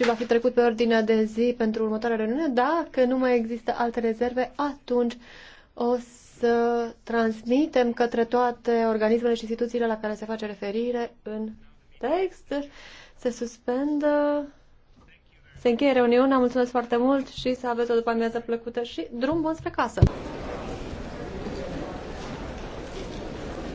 și va fi trecut pe ordinea de zi pentru următoarea reuniune. Dacă nu mai există alte rezerve, atunci o să transmitem către toate organismele și instituțiile la care se face referire în text. Se suspendă. Se încheie reuniunea, mulțumesc foarte mult și să aveți o după amiază plăcută și drum bun spre casă!